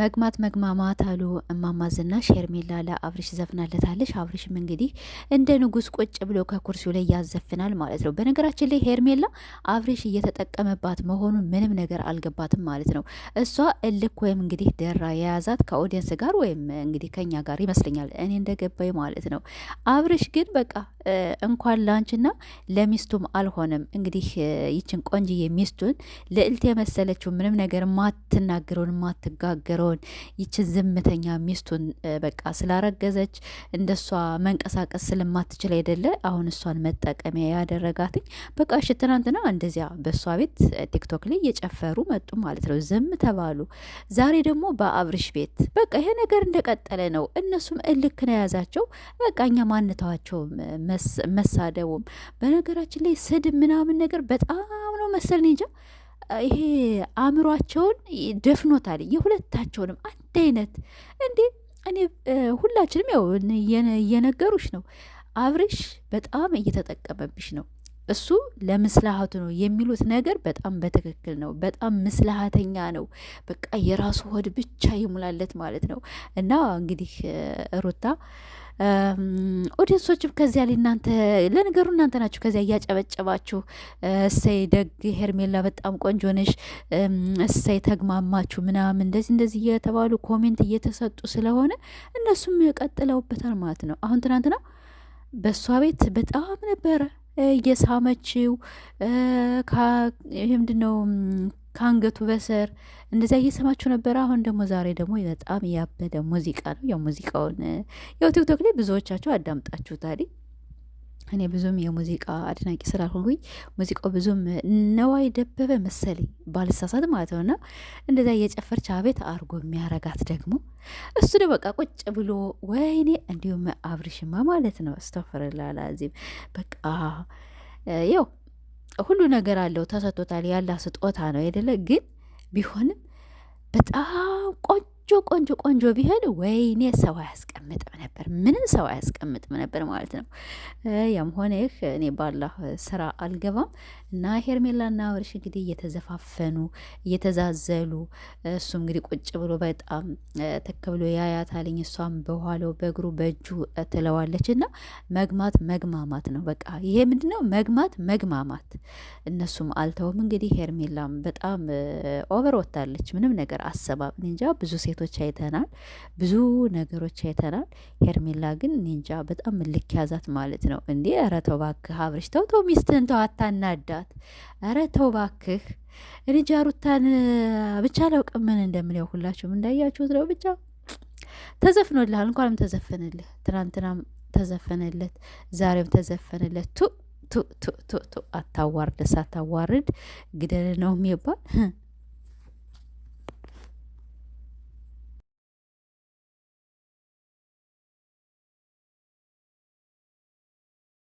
መግማት መግማማት አሉ እማማ ዝናሽ ሄርሜላ ለአብርሽ ዘፍናለታለች። አብርሽም እንግዲህ እንደ ንጉስ ቁጭ ብሎ ከኩርሲው ላይ ያዘፍናል ማለት ነው። በነገራችን ላይ ሄርሜላ አብርሽ እየተጠቀመባት መሆኑን ምንም ነገር አልገባትም ማለት ነው። እሷ እልክ ወይም እንግዲህ ደራ የያዛት ከኦዲየንስ ጋር ወይም እንግዲህ ከኛ ጋር ይመስለኛል እኔ እንደገባኝ ማለት ነው። አብርሽ ግን በቃ እንኳን ላንችና ለሚስቱም አልሆነም እንግዲህ ይችን ቆንጅዬ ሚስቱን ልዕልት የመሰለችው ምንም ነገር ማትናገረውን ማትጋገረው ሲሆን ይችን ዝምተኛ ሚስቱን በቃ ስላረገዘች እንደሷ መንቀሳቀስ ስለማትችል አይደለ አሁን እሷን መጠቀሚያ ያደረጋትኝ። በቃ እሺ፣ ትናንትና እንደዚያ በእሷ ቤት ቲክቶክ ላይ እየጨፈሩ መጡ ማለት ነው፣ ዝም ተባሉ። ዛሬ ደግሞ በአብርሽ ቤት በቃ ይሄ ነገር እንደቀጠለ ነው። እነሱም እልክ ነው የያዛቸው። በቃ እኛ ማንተዋቸው መሳደቡም። በነገራችን ላይ ስድብ ምናምን ነገር በጣም ነው መሰል እንጃ ይሄ አእምሯቸውን ደፍኖታል። የሁለታቸውንም አንድ አይነት እንዴ እኔ ሁላችንም ያው እየነገሩሽ ነው። አብርሽ በጣም እየተጠቀመብሽ ነው። እሱ ለምስላሃቱ ነው የሚሉት ነገር በጣም በትክክል ነው። በጣም ምስላሀተኛ ነው። በቃ የራሱ ሆድ ብቻ ይሙላለት ማለት ነው። እና እንግዲህ ሩታ ኦዲየንሶችም ከዚያ ላይ እናንተ ለነገሩ እናንተ ናችሁ ከዚያ እያጨበጨባችሁ እሰይ ደግ ሄርሜላ በጣም ቆንጆ ነሽ፣ እሰይ ተግማማችሁ ምናምን እንደዚህ እንደዚህ እየተባሉ ኮሜንት እየተሰጡ ስለሆነ እነሱም ቀጥለውበታል ማለት ነው። አሁን ትናንትና በእሷ ቤት በጣም ነበረ እየሳመችው ምንድን ከአንገቱ በሰር እንደዚያ እየሰማችሁ ነበረ። አሁን ደግሞ ዛሬ ደግሞ በጣም ያበደ ሙዚቃ ነው። ያው ሙዚቃውን ያው ቲክቶክ ላይ ብዙዎቻችሁ አዳምጣችሁታል። እኔ ብዙም የሙዚቃ አድናቂ ስላልሆንኩኝ ሙዚቃው ብዙም ነዋይ ደበበ መሰለኝ ባልሳሳት ማለት ነው። እና እንደዛ እየጨፈረች አቤት አርጎ የሚያረጋት ደግሞ እሱ ደ በቃ ቁጭ ብሎ ወይኔ፣ እንዲሁም አብርሽማ ማለት ነው ስተፈርላላዚም በቃ ያው ሁሉ ነገር አለው ተሰቶታል። ያላ ስጦታ ነው አይደለ? ግን ቢሆንም በጣም ቆጭ ቆንጆ ቆንጆ ቆንጆ ቢሆን ወይኔ ሰው አያስቀምጥም ነበር፣ ምንም ሰው አያስቀምጥም ነበር ማለት ነው። ያም ሆነ ይህ እኔ ባላህ ስራ አልገባም እና ሄርሜላና አብርሽ እንግዲህ እየተዘፋፈኑ እየተዛዘሉ፣ እሱም እንግዲህ ቁጭ ብሎ በጣም ተክ ብሎ ያያታልኝ፣ እሷም በኋላው በእግሩ በእጁ ትለዋለች። እና መግማት መግማማት ነው በቃ ይሄ ምንድነው? መግማት መግማማት። እነሱም አልተውም እንግዲህ ሄርሜላም በጣም ኦቨር ወታለች። ምንም ነገር አሰባብ እንጃ ብዙ ሴት ሴቶች አይተናል፣ ብዙ ነገሮች አይተናል። ሄርሜላ ግን ኒንጃ በጣም ልክ ያዛት ማለት ነው። እንዲ ኧረ ተው እባክህ አብርሽ ተው ተው፣ ሚስትህን ተው አታናዳት። ኧረ ተው እባክህ እንጃ ሩታን ብቻ ለውቅ ምን እንደምለው ሁላችሁም እንዳያችሁት ነው። ብቻ ተዘፍኖልሃል፣ እንኳንም ተዘፈንልህ። ትናንትናም ተዘፈነለት፣ ዛሬም ተዘፈነለት። ቱ ቱ ቱ ቱ አታዋርድ፣ ሳታዋርድ ግደል ነው የሚባል